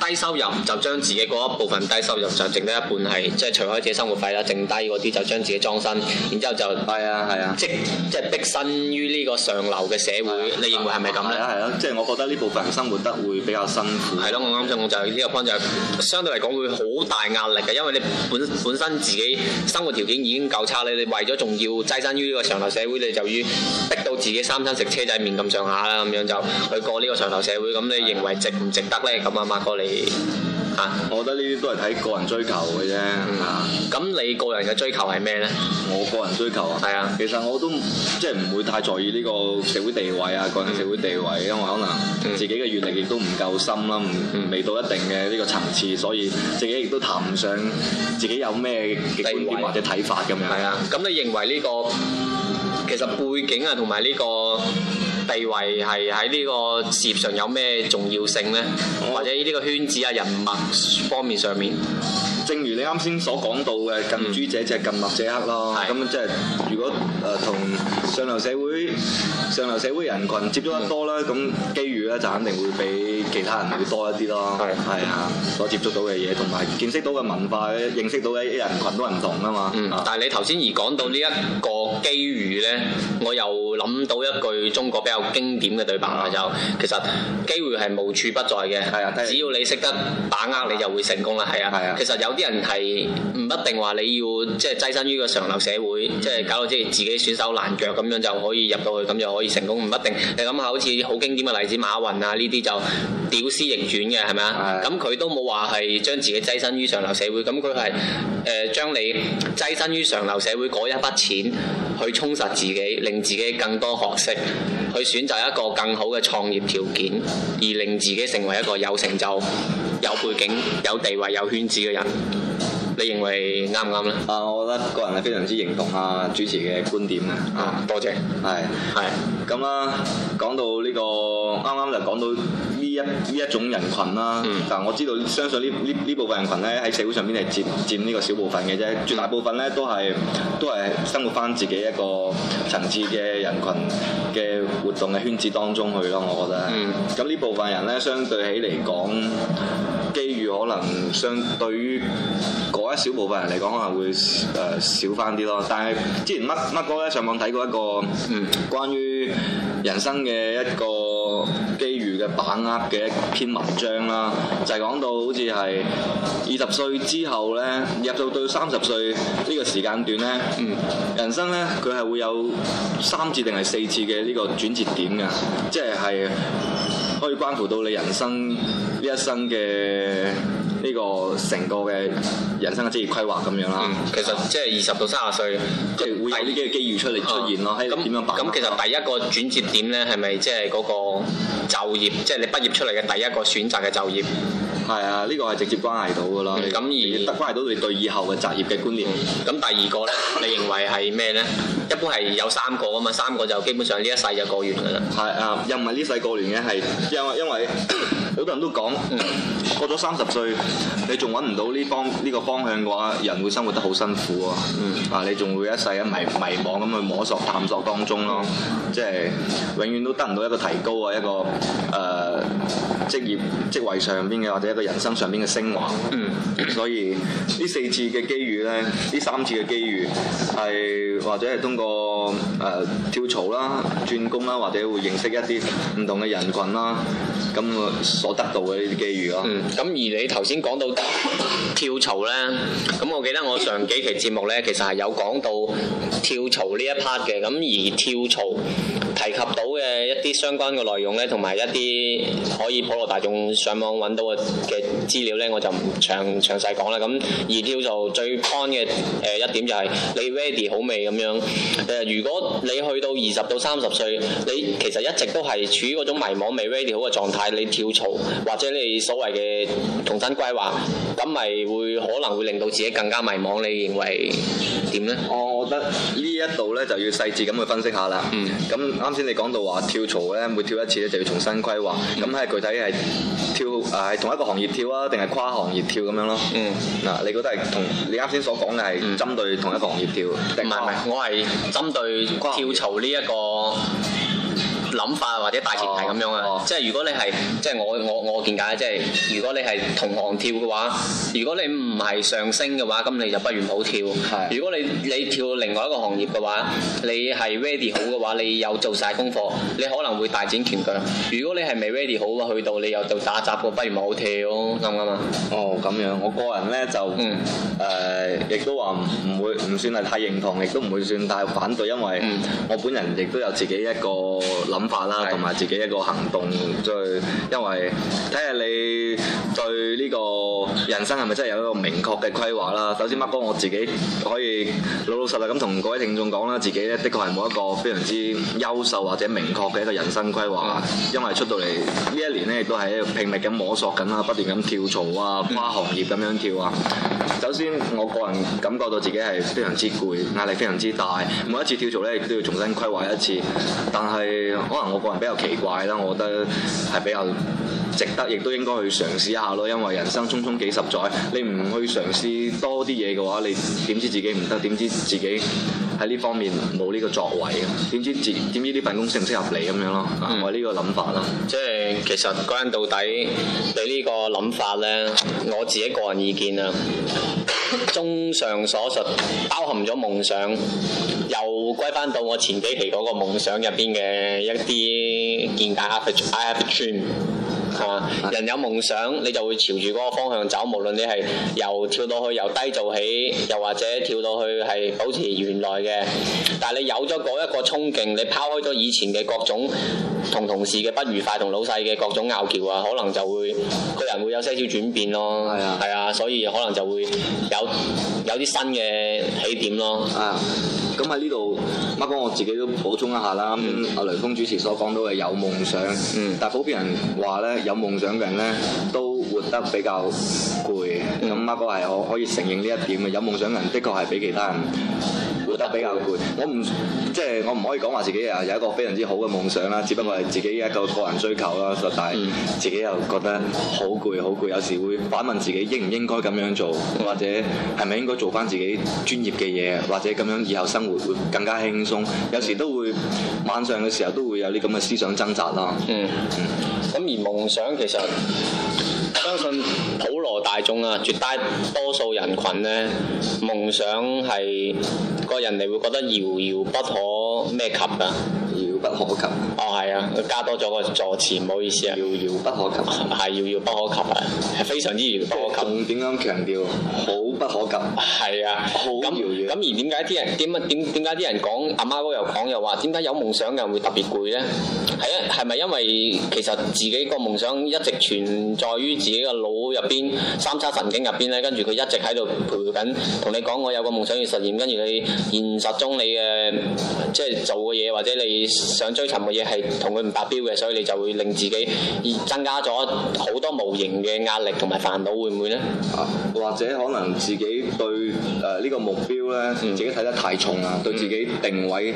低收入就將自己嗰一部分低收入就剩低一半係，即係除開自己生活費啦，剩低嗰啲就將自己裝身，然之後就係啊係啊，即即係逼身於呢個上流嘅社會，你認為係咪咁咧？係啊係啊，即係我覺得呢部分人生活得會比較辛苦。係咯，我啱想講就呢個觀點，相對嚟講會好大壓力嘅，因為你本本身自己生活條件已經夠差咧，你為咗仲要擠身於呢個上流社會，你就要逼到自己三餐食車仔麵咁上下啦，咁樣就去過呢個上流社會，咁你認為值唔值得呢？咁啊，Mark 哥你？吓，啊、我覺得呢啲都係睇個人追求嘅啫。咁、嗯啊、你個人嘅追求係咩咧？我個人追求啊，係啊。其實我都即係唔會太在意呢個社會地位啊，個人社會地位，因為可能自己嘅閱歷亦都唔夠深啦，未到一定嘅呢個層次，所以自己亦都談唔上自己有咩嘅觀點或者睇法咁樣。係位啊。咁、啊、你認為呢、這個其實背景啊，同埋呢個？地位係喺呢個事業上有咩重要性呢？或者呢個圈子啊、人脈方面上面。正如你啱先所講到嘅，近朱者赤，近墨者黑咯。咁即係如果誒同上流社會上流社會人群接觸得多咧，咁機遇咧就肯定會比其他人會多一啲咯。係係啊，所接觸到嘅嘢，同埋見識到嘅文化，認識到嘅人群都唔同啊嘛。嗯，但係你頭先而講到呢一個機遇咧，我又諗到一句中國比較經典嘅對白啦，就其實機會係無處不在嘅，係啊，只要你識得把握，你就會成功啦。係啊，係啊，其實有。啲人係唔一定話你要、就是、即係躋身於個上流社會，即係搞到即係自己損手爛腳咁樣就可以入到去，咁就可以成功。唔一定，你諗下好似好經典嘅例子，馬雲啊呢啲就屌絲逆轉嘅係咪啊？咁佢的都冇話係將自己躋身於上流社會，咁佢係誒將你躋身於上流社會嗰一筆錢去充實自己，令自己更多學識。去選擇一個更好嘅創業條件，而令自己成為一個有成就、有背景、有地位、有圈子嘅人，你認為啱唔啱呢？啊，我覺得個人係非常之認同啊主持嘅觀點啊，啊，多謝，係係咁啦，講是到呢個啱啱就講到。一呢一種人群啦，嗯、但係我知道，相信呢呢呢部分人群咧喺社會上邊係佔佔呢個小部分嘅啫，絕大部分咧都係都係生活翻自己一個層次嘅人群嘅活動嘅圈子當中去咯，我覺得。嗯，咁呢部分人咧，相對起嚟講，機遇可能相對於嗰一小部分人嚟講，可能會誒、呃、少翻啲咯。但係之前 Mark 哥咧上網睇過一個嗯關於人生嘅一個。嗯嗯把握嘅一篇文章啦，就係、是、講到好似係二十歲之後咧，入到到三十歲呢個時間段咧，嗯，人生咧佢係會有三次定係四次嘅呢個轉折點嘅，即係係可以關乎到你人生呢一生嘅。呢個成個嘅人生嘅職業規劃咁樣啦，其實即係二十到三十歲，即係會有呢幾個機遇出嚟出現咯。喺點樣辦？咁其實第一個轉折點咧，係咪即係嗰個就業，即係你畢業出嚟嘅第一個選擇嘅就業？係啊，呢個係直接關係到㗎啦。咁而得關係到你對以後嘅就業嘅觀念。咁第二個咧，你認為係咩咧？一般係有三個啊嘛，三個就基本上呢一世就過完㗎啦。係啊，又唔係呢世過完嘅，係因為因為好 多人都講、嗯、過咗三十歲你仲揾唔到呢方呢、這個方向嘅話，人會生活得好辛苦啊嗯。啊，你仲會一世一迷迷惘咁去摸索探索當中咯、啊，即係永遠都得唔到一個提高啊，一個誒、呃、職業職位上邊嘅或者一個人生上邊嘅升華嗯。所以呢四次嘅機遇咧，呢三次嘅機遇係或者係通過。個誒跳槽啦、轉工啦，或者會認識一啲唔同嘅人群啦，咁所得到嘅呢啲機遇咯。嗯。咁而你頭先講到跳槽咧，咁我記得我上幾期節目咧，其實係有講到跳槽呢一 part 嘅。咁而跳槽。提及到嘅一啲相關嘅內容咧，同埋一啲可以普羅大眾上網揾到嘅嘅資料咧，我就唔詳詳細講啦。咁而叫做最 point 嘅誒一點就係、是、你 ready 好未咁樣誒、呃？如果你去到二十到三十歲，你其實一直都係處於種迷茫未 ready 好嘅狀態，你跳槽或者你所謂嘅重新規劃，咁咪會可能會令到自己更加迷茫？你認為點咧？哦我覺得呢一度咧就要細緻咁去分析下啦。咁啱先你講到話跳槽咧，每跳一次咧就要重新規劃。咁係、嗯、具體係跳啊係同一個行業跳啊，定係跨行業跳咁樣咯？嗱、嗯，你覺得係同你啱先所講嘅係針對同一個行業跳，定係唔係？我係針對跳槽呢、這、一個，諗法或者大前提咁樣啊、哦，即係如果你係即係我我我見解，即係如果你係同行跳嘅話，如果你唔係上升嘅話，咁你就不如唔好跳。係，如果你你跳另外一個行業嘅話，你係 ready 好嘅話，你有做晒功課，你可能會大展拳腳，如果你係未 ready 好嘅，去到你又做打雜過不如冇跳，啱唔啱啊？哦，咁樣我個人咧就，誒亦、嗯呃、都話唔會唔算係太認同，亦都唔會算太反對，因為我本人亦都有自己一個諗。法啦，同埋自己一個行動，再因為睇下你對呢個人生係咪真係有一個明確嘅規劃啦。首先，Mark 哥我自己可以老老實實咁同各位聽眾講啦，自己咧的確係冇一個非常之優秀或者明確嘅一個人生規劃，因為出到嚟呢一年咧，亦都係拼命咁摸索緊啦，不斷咁跳槽啊，跨行業咁樣跳啊。首先，我個人感覺到自己係非常之攰，壓力非常之大。每一次跳槽咧，都要重新規劃一次，但係。可能我個人比較奇怪啦，我覺得係比較值得，亦都應該去嘗試一下咯。因為人生匆匆幾十載，你唔去嘗試多啲嘢嘅話，你點知自己唔得？點知自己喺呢方面冇呢個作為？點知點知呢份工適唔適合你咁樣咯？嗯、我呢個諗法啦、嗯。即係其實嗰陣到底對呢個諗法咧，我自己個人意見啦。綜上所述，包含咗夢想，又歸翻到我前幾期嗰個夢想入邊嘅一啲見解 I have a dream。人有夢想，你就會朝住嗰個方向走。無論你係由跳到去由低做起，又或者跳到去係保持原來嘅，但係你有咗嗰一個衝勁，你拋開咗以前嘅各種同同事嘅不愉快，同老細嘅各種拗撬啊，可能就會個人會有些少轉變咯。係啊，係啊，所以可能就會有有啲新嘅起點咯。啊！咁喺呢度，乜哥我自己都補充一下啦。阿雷鋒主持所講到嘅有夢想，嗯，但係普遍人話呢。有夢想嘅人咧，都活得比較攰。咁阿哥係可可以承認呢一點嘅。有夢想嘅人，的確係比其他人活得比較攰。我唔即係我唔可以講話自己啊有一個非常之好嘅夢想啦，只不過係自己一個個人追求啦。但係自己又覺得好攰，好攰。有時會反問自己應唔應該咁樣做，或者係咪應該做翻自己專業嘅嘢，或者咁樣以後生活會更加輕鬆。有時都會晚上嘅時候都會有啲咁嘅思想掙扎啦。嗯，咁、嗯、而夢想，其實相信普羅大眾啊，絕大多數人群咧，夢想係個人哋會覺得遙遙不可咩及啊。不可及哦，係啊，加多咗個助詞，唔好意思啊。遙遙不可及，係遙遙不可及啊，係非常之遙不可及。重點樣強調好不可及，係啊，好遙遠。咁、嗯嗯、而點解啲人點乜點點解啲人講阿媽嗰又講又話點解有夢想嘅人會，會特別攰咧？係啊，係咪因為其實自己個夢想一直存在於自己嘅腦入邊、三叉神經入邊咧？跟住佢一直喺度陪緊，同你講我有個夢想要實現，跟住你現實中你嘅即係做嘅嘢或者你。想追尋嘅嘢係同佢唔達標嘅，所以你就會令自己增加咗好多無形嘅壓力同埋煩惱，會唔會咧？啊，或者可能自己對誒呢個目標咧，自己睇得太重啊，對自己定位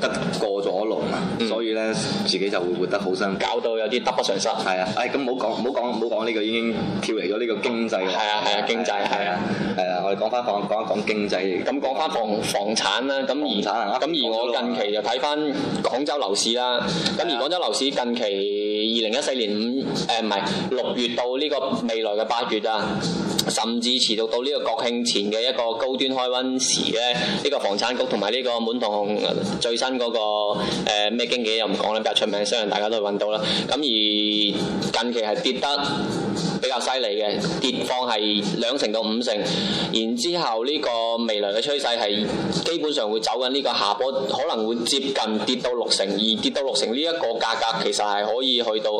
得過咗龍，所以咧自己就會活得好辛苦，搞到有啲得不償失。係啊，誒咁好講唔好講唔好講，呢個已經跳離咗呢個經濟。係啊係啊，經濟係啊係啊，我哋講翻房，講一講經濟。咁講翻房房產啦，咁而產啊，咁而我近期就睇翻廣州。樓市啦，咁而廣州樓市近期二零一四年五誒唔係六月到呢個未來嘅八月啊，甚至持續到呢個國慶前嘅一個高端開温時咧，呢、這個房產局同埋呢個滿堂紅最新嗰、那個咩、呃、經紀又唔講啦，比較出名，相信大家都會揾到啦。咁而近期係跌得。比較犀利嘅跌放係兩成到五成，然之後呢個未來嘅趨勢係基本上會走緊呢個下坡，可能會接近跌到六成，而跌到六成呢一個價格其實係可以去到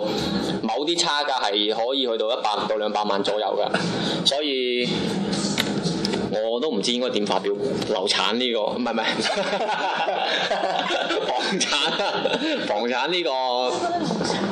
某啲差價係可以去到一百到兩百萬左右嘅，所以我都唔知應該點發表樓產呢個，唔係，唔係，房產房產呢個。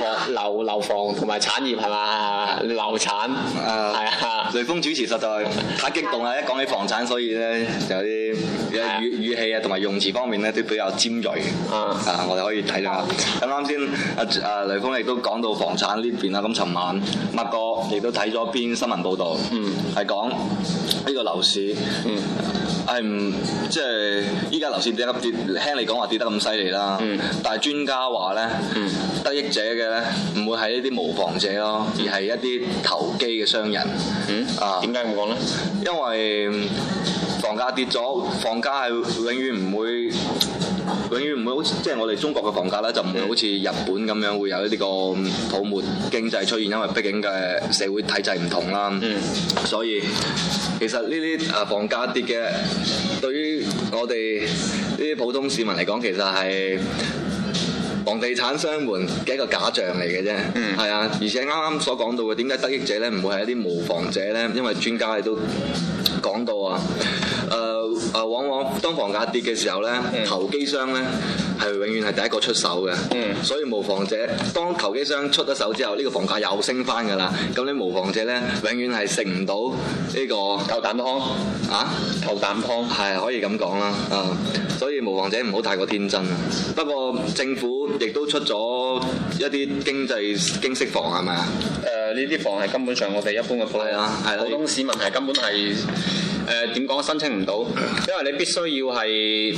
房、樓、樓房同埋產業係嘛？樓產，係、呃、啊！雷鋒主持實在太激動啦！ 一講起房產，所以咧就有啲、啊、語語氣啊，同埋用詞方面咧都比較尖鋭啊！啊，我哋可以睇下，咁啱先，阿、呃、阿、呃、雷鋒亦都講到房產呢邊啦。咁尋晚麥哥亦都睇咗篇新聞報導，嗯，係講呢個樓市，嗯，係唔即係依家樓市跌跌，聽你講話跌得咁犀利啦，但係專家話咧，嗯，得益者嘅。唔會係一啲無房者咯，而係一啲投機嘅商人。嗯。啊？點解咁講咧？因為房價跌咗，房價係永遠唔會，永遠唔會好似即係我哋中國嘅房價咧，就唔會好似日本咁樣會有呢啲個泡沫經濟出現，因為畢竟嘅社會體制唔同啦。嗯。所以其實呢啲啊房價跌嘅，對於我哋呢啲普通市民嚟講，其實係。房地產商們嘅一個假象嚟嘅啫，係、嗯、啊，而且啱啱所講到嘅點解得益者咧唔會係一啲無房者咧，因為專家亦都講到啊。 誒誒，往往當房價跌嘅時候咧，投機商咧係永遠係第一個出手嘅，嗯，所以無房者當投機商出咗手之後呢個房價又升翻㗎啦。咁呢無房者咧，永遠係食唔到呢個頭啖湯啊？頭啖湯係可以咁講啦，啊！所以無房者唔好太過天真。啊，不過政府亦都出咗一啲經濟經適房係咪啊？誒，呢啲房係根本上我哋一般嘅啦，係普通市民係根本係誒點講申請。因為你必須要係，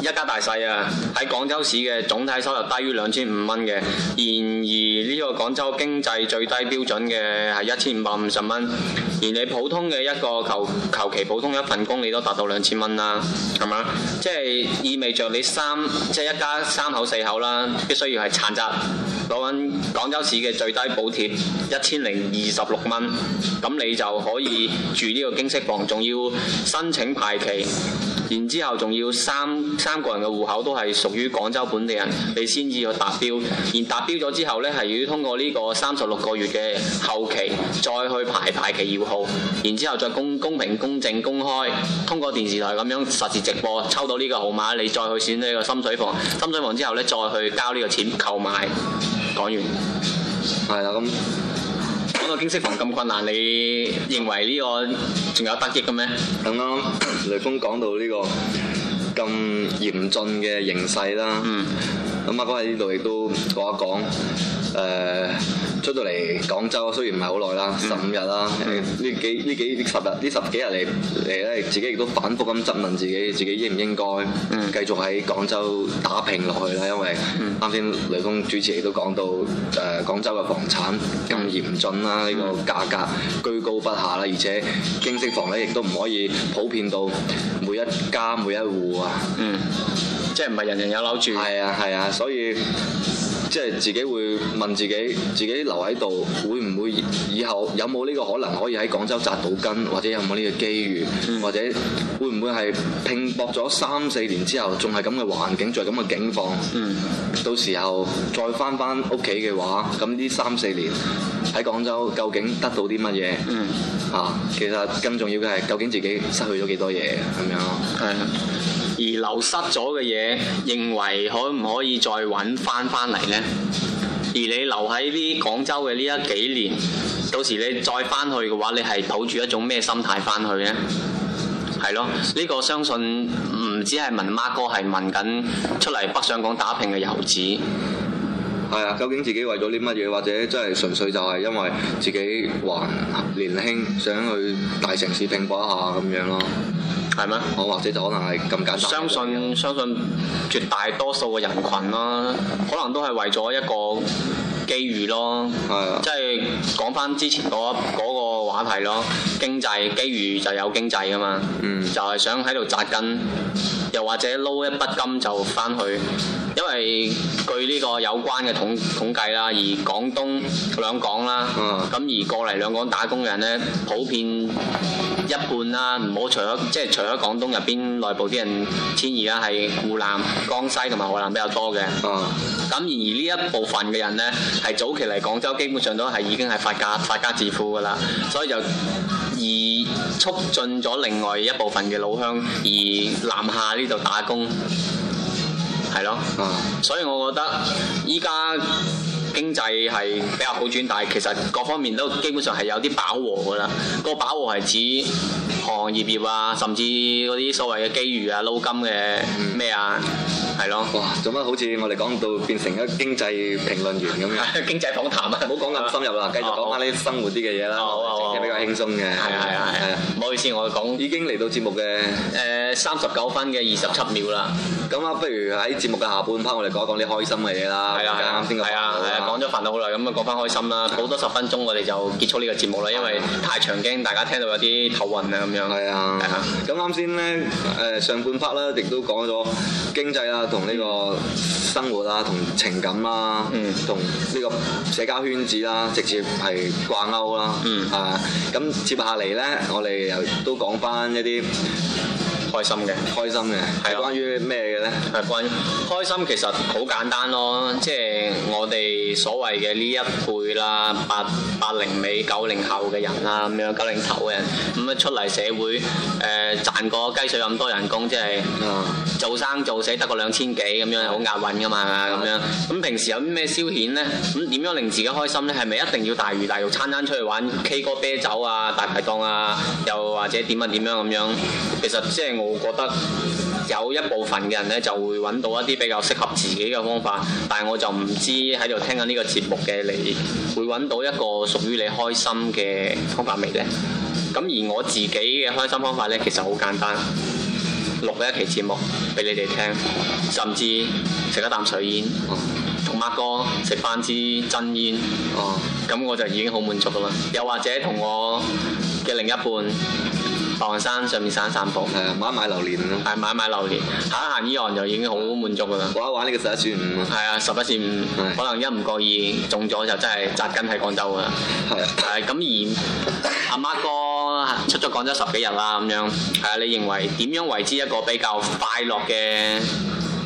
一家大細啊，喺廣州市嘅總體收入低於兩千五蚊嘅，然而呢個廣州經濟最低標準嘅係一千五百五十蚊，而你普通嘅一個求求其普通一份工，你都達到兩千蚊啦，係咪？即係意味着你三即係、就是、一家三口四口啦，必須要係殘疾攞緊廣州市嘅最低補貼一千零二十六蚊，咁你就可以住呢個經適房，仲要申請排期。然之後仲要三三個人嘅戶口都係屬於廣州本地人，你先至要達標。然達標咗之後呢，係要通過呢個三十六個月嘅後期，再去排排期搖號。然之後再公公平公正公開，通過電視台咁樣實時直播抽到呢個號碼，你再去選呢個深水房。深水房之後呢，再去交呢個錢購買。講完，係啦，咁。個經適房咁困難，你認為呢個仲有得益嘅咩？等啱雷鋒講到呢個咁嚴峻嘅形勢啦，嗯，咁啊，哥喺呢度亦都講一講。誒、uh, 出到嚟廣州雖然唔係好耐啦，十五日啦，呢、mm. 呃、幾呢幾十日呢十幾日嚟嚟咧，自己亦都反覆咁質問自己，自己應唔應該繼續喺廣州打拼落去啦？因為啱先雷鋒主持亦都講到誒、呃、廣州嘅房產咁嚴峻啦，呢、mm. 個價格居高不下啦，而且經適房咧亦都唔可以普遍到每一家每一戶啊，嗯，即係唔係人人有樓住？係啊係啊，啊，所以，即係自己會問自己，自己留喺度會唔會以後有冇呢個可能可以喺廣州紮到根，或者有冇呢個機遇，嗯、或者會唔會係拼搏咗三四年之後，仲係咁嘅環境，仲係咁嘅境況，嗯、到時候再翻返屋企嘅話，咁呢三四年喺廣州究竟得到啲乜嘢？嗯、啊，其實更重要嘅係究竟自己失去咗幾多嘢，係咪啊？係。而流失咗嘅嘢，認為可唔可以再揾翻翻嚟呢？而你留喺啲廣州嘅呢一幾年，到時你再翻去嘅話，你係抱住一種咩心態翻去呢？係咯，呢個相信唔止係問 Mark 哥，係問緊出嚟北上廣打拼嘅遊子。係啊，究竟自己為咗啲乜嘢？或者真係純粹就係因為自己還年輕，想去大城市拼搏一下咁樣咯？係咩？我、哦、或者就可能係咁簡單。相信相信絕大多數嘅人群啦、啊，可能都係為咗一個。機遇咯，的即係講翻之前嗰嗰、嗰個話題咯，經濟機遇就有經濟噶嘛，嗯、就係想喺度扎根，又或者撈一筆金就翻去。因為據呢個有關嘅統統計啦，而廣東兩港啦，咁、嗯、而過嚟兩港打工嘅人呢，普遍一半啦，唔好除咗即係除咗廣東入邊內部啲人遷移啦，係湖南、江西同埋河南比較多嘅。咁然、嗯、而呢一部分嘅人呢。係早期嚟廣州，基本上都係已經係發家發家致富㗎啦，所以就而促進咗另外一部分嘅老鄉而南下呢度打工，係咯、嗯，所以我覺得依家。經濟係比較好轉，但係其實各方面都基本上係有啲飽和㗎啦。個飽和係指行業業啊，甚至嗰啲所謂嘅機遇啊、撈金嘅咩啊，係咯。哇！做乜好似我哋講到變成一個經濟評論員咁樣？經濟訪談啊！唔好講咁深入啦，繼續講返啲生活啲嘅嘢啦，比較輕鬆嘅。係係係係。唔好意思，我講已經嚟到節目嘅。誒。三十九分嘅二十七秒啦，咁啊，不如喺節目嘅下半 part，我哋講一講啲開心嘅嘢啦。係啊，啱啱先個係啊，講咗煩到好耐，咁啊，講翻開心啦，好多十分鐘，我哋就結束呢個節目啦，啊、因為太長驚大家聽到有啲頭暈啊咁樣。係啊，咁啱先咧，誒、啊呃、上半 part 啦，亦都講咗經濟啦，同呢個生活啊，同情感啦，嗯，同呢個社交圈子啦，直接係掛鈎啦，嗯啊，咁接下嚟咧，我哋又都講翻一啲。開心嘅，開心嘅，係關於咩嘅咧？係關於開心其實好簡單咯，即係我哋所謂嘅呢一輩啦，八八零尾九零後嘅人啦，咁樣九零頭嘅人，咁樣出嚟社會誒、呃、賺個雞碎咁多人工，即係做生做死得個兩千幾咁樣，樣，好押韻噶嘛，咁樣，咁平時有咩消遣咧？咁點樣令自己開心咧？係咪一定要大魚大肉餐餐出去玩 K 歌啤酒啊，大排檔啊，又或者點樣點樣咁樣，樣，樣？其實即係我。我覺得有一部分嘅人呢，就會揾到一啲比較適合自己嘅方法，但係我就唔知喺度聽緊呢個節目嘅你，會揾到一個屬於你開心嘅方法未呢？咁而我自己嘅開心方法呢，其實好簡單，錄一期節目俾你哋聽，甚至食一啖水煙，同阿哥食翻支真煙，咁我就已經好滿足噶啦。又或者同我嘅另一半，白雲山上面散散步，係買一買榴蓮咯，係買一買榴蓮，行一行呢、e、樣就已經好滿足噶啦。玩一玩呢個十一選五，係啊十一選五，5, 的可能一唔覺意中咗就真係紮根喺廣州噶啦。係啊的，咁而 Mark 哥出咗廣州十幾日啦，咁樣係啊，你認為點樣維持一個比較快樂嘅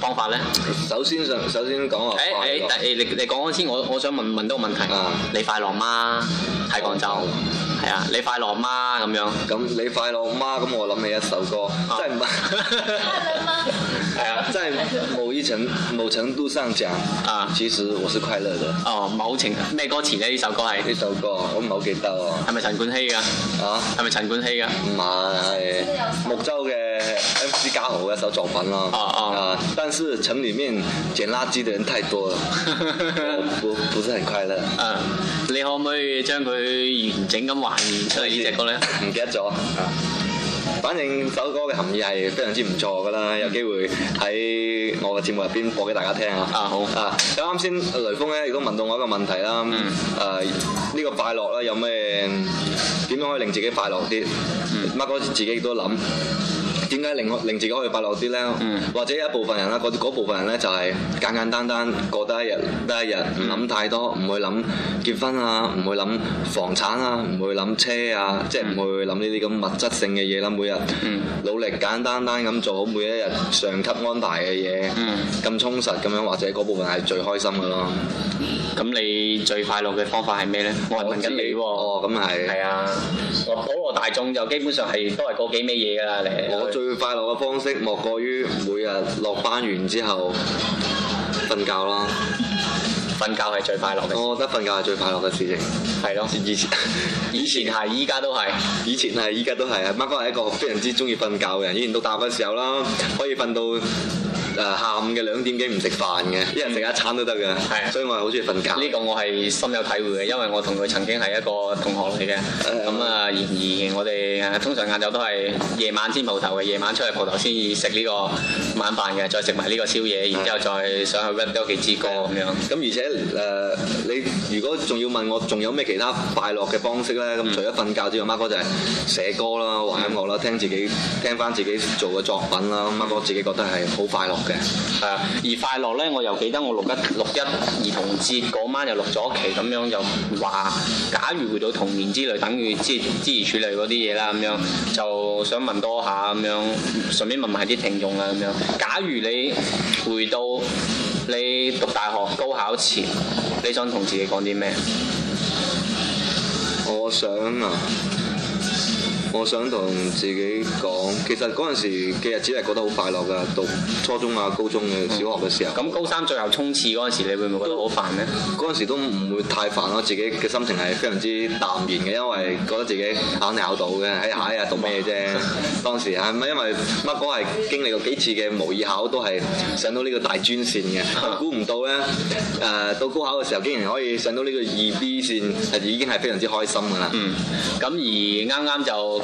方法咧？首先先，首先講話。誒誒、欸欸，你你講先，我我想問問多個問題。嗯的。你快樂嗎？喺廣州？係啊，你快樂嗎？咁樣咁你快樂嗎？咁我諗起一首歌，啊、真係唔係。 在某一程某程度上講，啊，其實我是快樂嘅。哦，某程，咩歌詞咧？呢首歌係呢首歌，我唔係好記得。係咪陳冠希㗎？啊，係咪陳冠希㗎？唔係，木州嘅 MC 嘉豪一首作品咯。啊啊，但是城裡面揀垃圾嘅人太多了， 我不不，不是很快樂。啊，你可唔可以將佢完整咁還原出嚟謝呢？呢隻歌咧？唔記得咗。啊。反正首歌嘅含義係非常之唔錯噶啦，嗯、有機會喺我嘅節目入邊播俾大家聽啊！啊好啊！咁啱先，雷鋒咧，如果問到我一個問題啦，誒呢、嗯啊呢個快樂咧有咩，點樣可以令自己快樂啲？乜哥、嗯、自己都諗。點解令我令自己可以快樂啲咧？嗯、或者一部分人啦，嗰部分人咧就係簡簡單單單，過得一日得一日，唔諗太多，唔會諗結婚啊，唔會諗房產啊，唔會諗車啊，即係唔會諗呢啲咁物質性嘅嘢啦。每日努力簡簡單單咁做好每一日上級安排嘅嘢，咁、嗯、充實咁樣，或者嗰部分係最開心噶咯。咁你最快樂嘅方法係咩呢？我係問緊你喎。哦，咁啊係。係啊。普羅大眾就基本上係都係嗰幾咩嘢㗎啦，你。我最快樂嘅方式莫過於每日落班完之後瞓覺啦，瞓 覺係最快樂嘅。我覺得瞓覺係最快樂嘅事情。係咯的。以前以前係，依家都係。以前係，依家都係啊！Mark 哥係一個非常之中意瞓覺嘅人，以前到大學嘅時候啦，可以瞓到。 誒下午嘅兩點幾唔食飯嘅，一人食一餐都得㗎，嗯、所以我係好中意瞓覺。呢個我係深有體會嘅，因為我同佢曾經係一個同學嚟嘅。咁啊、嗯，然而，而我哋通常晏晝都係夜晚先蒲頭嘅，夜晚出去蒲頭先要食呢個晚飯嘅，再食埋呢個宵夜，然之後再上去 rap 多幾支歌咁、嗯、樣。咁而且誒、呃，你如果仲要問我仲有咩其他快樂嘅方式咧？咁除咗瞓覺之外，Mark 哥就係寫歌啦、玩音樂啦、嗯、聽自己聽翻自己做嘅作品啦。Mark 哥自己覺得係好快樂。嘅，誒、okay. uh, 而快樂咧，我又記得我六一六一兒童節嗰晚又錄咗期，咁樣就話，假如回到童年之類，等於即係兒處理嗰啲嘢啦，咁樣就想問多下咁樣，順便問埋啲聽眾啊，咁樣，假如你回到你讀大學高考前，你想同自己講啲咩？我想啊。我想同自己講，其實嗰陣時嘅日子係覺得好快樂噶，讀初中啊、高中嘅小學嘅時候。咁、嗯嗯、高三最後衝刺嗰陣時，你會唔會覺得好煩呢？嗰陣時都唔會太煩咯，自己嘅心情係非常之淡然嘅，因為覺得自己肯定考到嘅，喺、哎、下一日，讀咩啫？當時係咪，因為 Mark 哥係經歷過幾次嘅模擬考，都係上到呢個大專線嘅，估唔到咧，誒、呃、到高考嘅時候，竟然可以上到呢個二 B 線，係已經係非常之開心噶啦。嗯。咁而啱啱就。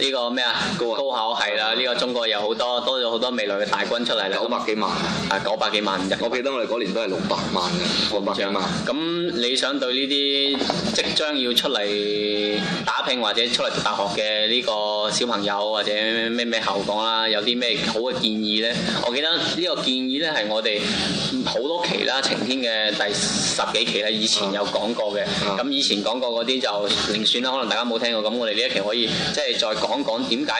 呢個咩啊？高考係啦，呢、嗯、個中國有好多多咗好多未來嘅大軍出嚟啦，九百幾萬啊，九百幾萬人。我記得我哋嗰年都係六百萬嘅，六百幾萬。咁你想對呢啲即將要出嚟打拼或者出嚟讀大學嘅呢個小朋友或者咩咩後輩啦，有啲咩好嘅建議咧？我記得呢個建議咧係我哋好多期啦，晴天嘅第十幾期啦，以前有講過嘅。咁、嗯嗯、以前講過嗰啲就另算啦，可能大家冇聽過。咁我哋呢一期可以即係再講。講講點解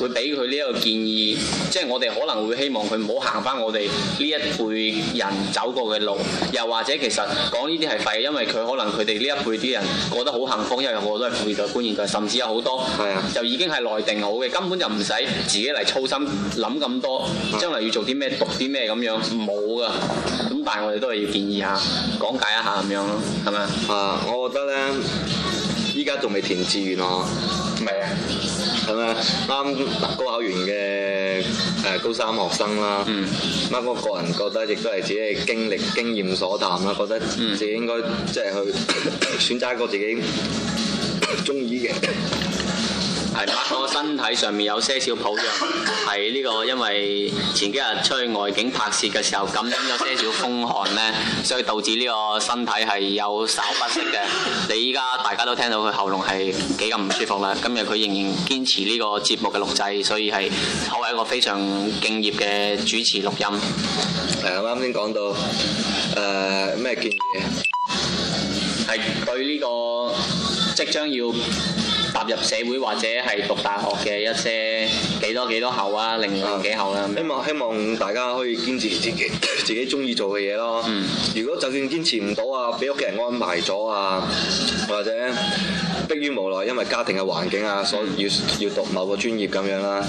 會俾佢呢個建議？即係我哋可能會希望佢唔好行翻我哋呢一輩人走過嘅路，又或者其實講呢啲係廢，因為佢可能佢哋呢一輩啲人過得好幸福，因為個個都係富二代、官二代，甚至有好多的就已經係內定好嘅，根本就唔使自己嚟操心，諗咁多，將來要做啲咩、讀啲咩咁樣冇噶。咁但係我哋都係要建議下、講解一下咁樣咯，係咪啊？我覺得咧，依家仲未填志願喎。未啊。咁啊，啱啱高考完嘅誒高三學生啦，咁我、嗯、個人覺得亦都係自己經歷經驗所談啦，覺得自己應該、嗯、即係去 選擇一個自己 中意嘅。係，個身體上面有些少抱恙，係呢個因為前幾日出去外景拍攝嘅時候感染咗些少風寒咧，所以導致呢個身體係有稍不適嘅。你依家大家都聽到佢喉嚨係幾咁唔舒服啦。今日佢仍然堅持呢個節目嘅錄製，所以係可謂一個非常敬業嘅主持錄音。係，我啱先講到誒咩建議，係對呢個即將要。踏入社會或者係讀大學嘅一些幾多幾多後啊，零幾後啦。嗯啊、希望希望大家可以堅持自己自己中意做嘅嘢咯。嗯、如果就算堅持唔到啊，俾屋企人安排咗啊，或者。 迫於無奈，因為家庭嘅環境啊，所以要要讀某個專業咁樣啦。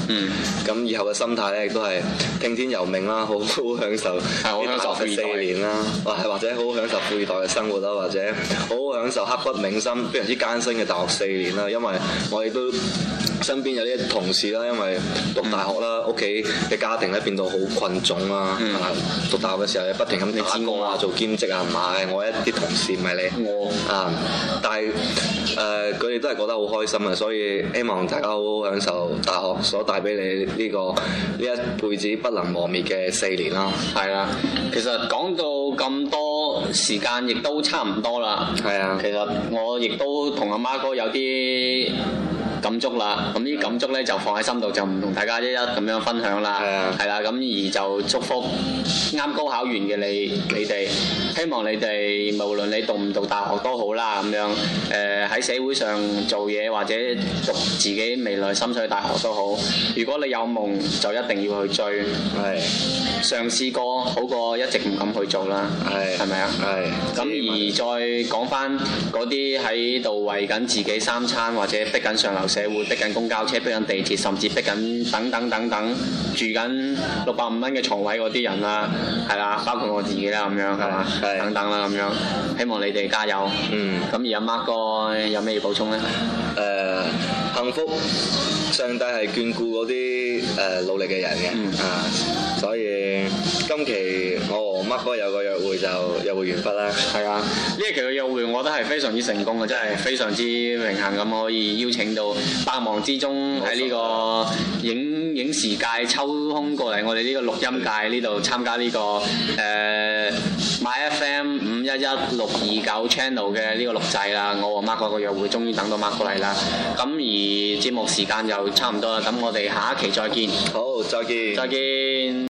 咁以後嘅心態咧，亦都係聽天由命啦，好好享受大學四年啦，或者好好享受富二代嘅生活啦，或者好好享受刻骨銘心、非常之艱辛嘅大學四年啦。因為我亦都身邊有啲同事啦，因為讀大學啦，屋企嘅家庭咧變到好困窘啦。讀大學嘅時候不停咁返工啊，做兼職啊，唔係我一啲同事唔係你啊，但係誒。佢哋都係覺得好開心啊，所以希望大家好好享受大學所帶俾你呢個呢一輩子不能磨滅嘅四年啦。係啊，其實講到咁多時間，亦都差唔多啦。係啊的，其實我亦都同阿 Mark 哥有啲感觸啦，咁呢啲感觸呢就放喺心度，就唔同大家一一咁樣分享啦，係啦，咁而就祝福啱高考完嘅你，你哋希望你哋無論你讀唔讀大學都好啦，咁樣誒喺社會上做嘢或者讀自己未來心水大學都好，如果你有夢就一定要去追，係嘗試過好過一直唔敢去做啦，係係咪啊？係，咁而再講翻嗰啲喺度為緊自己三餐或者逼緊上樓。社會逼緊公交車，逼緊地鐵，甚至逼緊等等等等，住緊六百五蚊嘅床位嗰啲人啦、啊，係啦、啊，包括我自己啦、啊、咁樣係嘛，等等啦、啊、咁樣，希望你哋加油。嗯。咁而阿 Mark 哥有咩要補充咧？誒、呃，幸福，上帝係眷顧嗰啲誒努力嘅人嘅。嗯。啊。所以今期我和 Mark 哥有個約會就約會完畢啦。係啊，呢一期嘅約會我覺得係非常之成功嘅，真係非常之榮幸咁可以邀請到百忙之中喺呢個影、嗯、影視界抽空過嚟我哋呢個錄音界呢度參加呢、呢個誒、嗯 uh, My FM 五一一六二九 Channel 嘅呢個錄製啦。我和 Mark 哥個約會終於等到 Mark 哥嚟啦。咁而節目時間又差唔多啦，咁我哋下一期再見，好，再見，再見。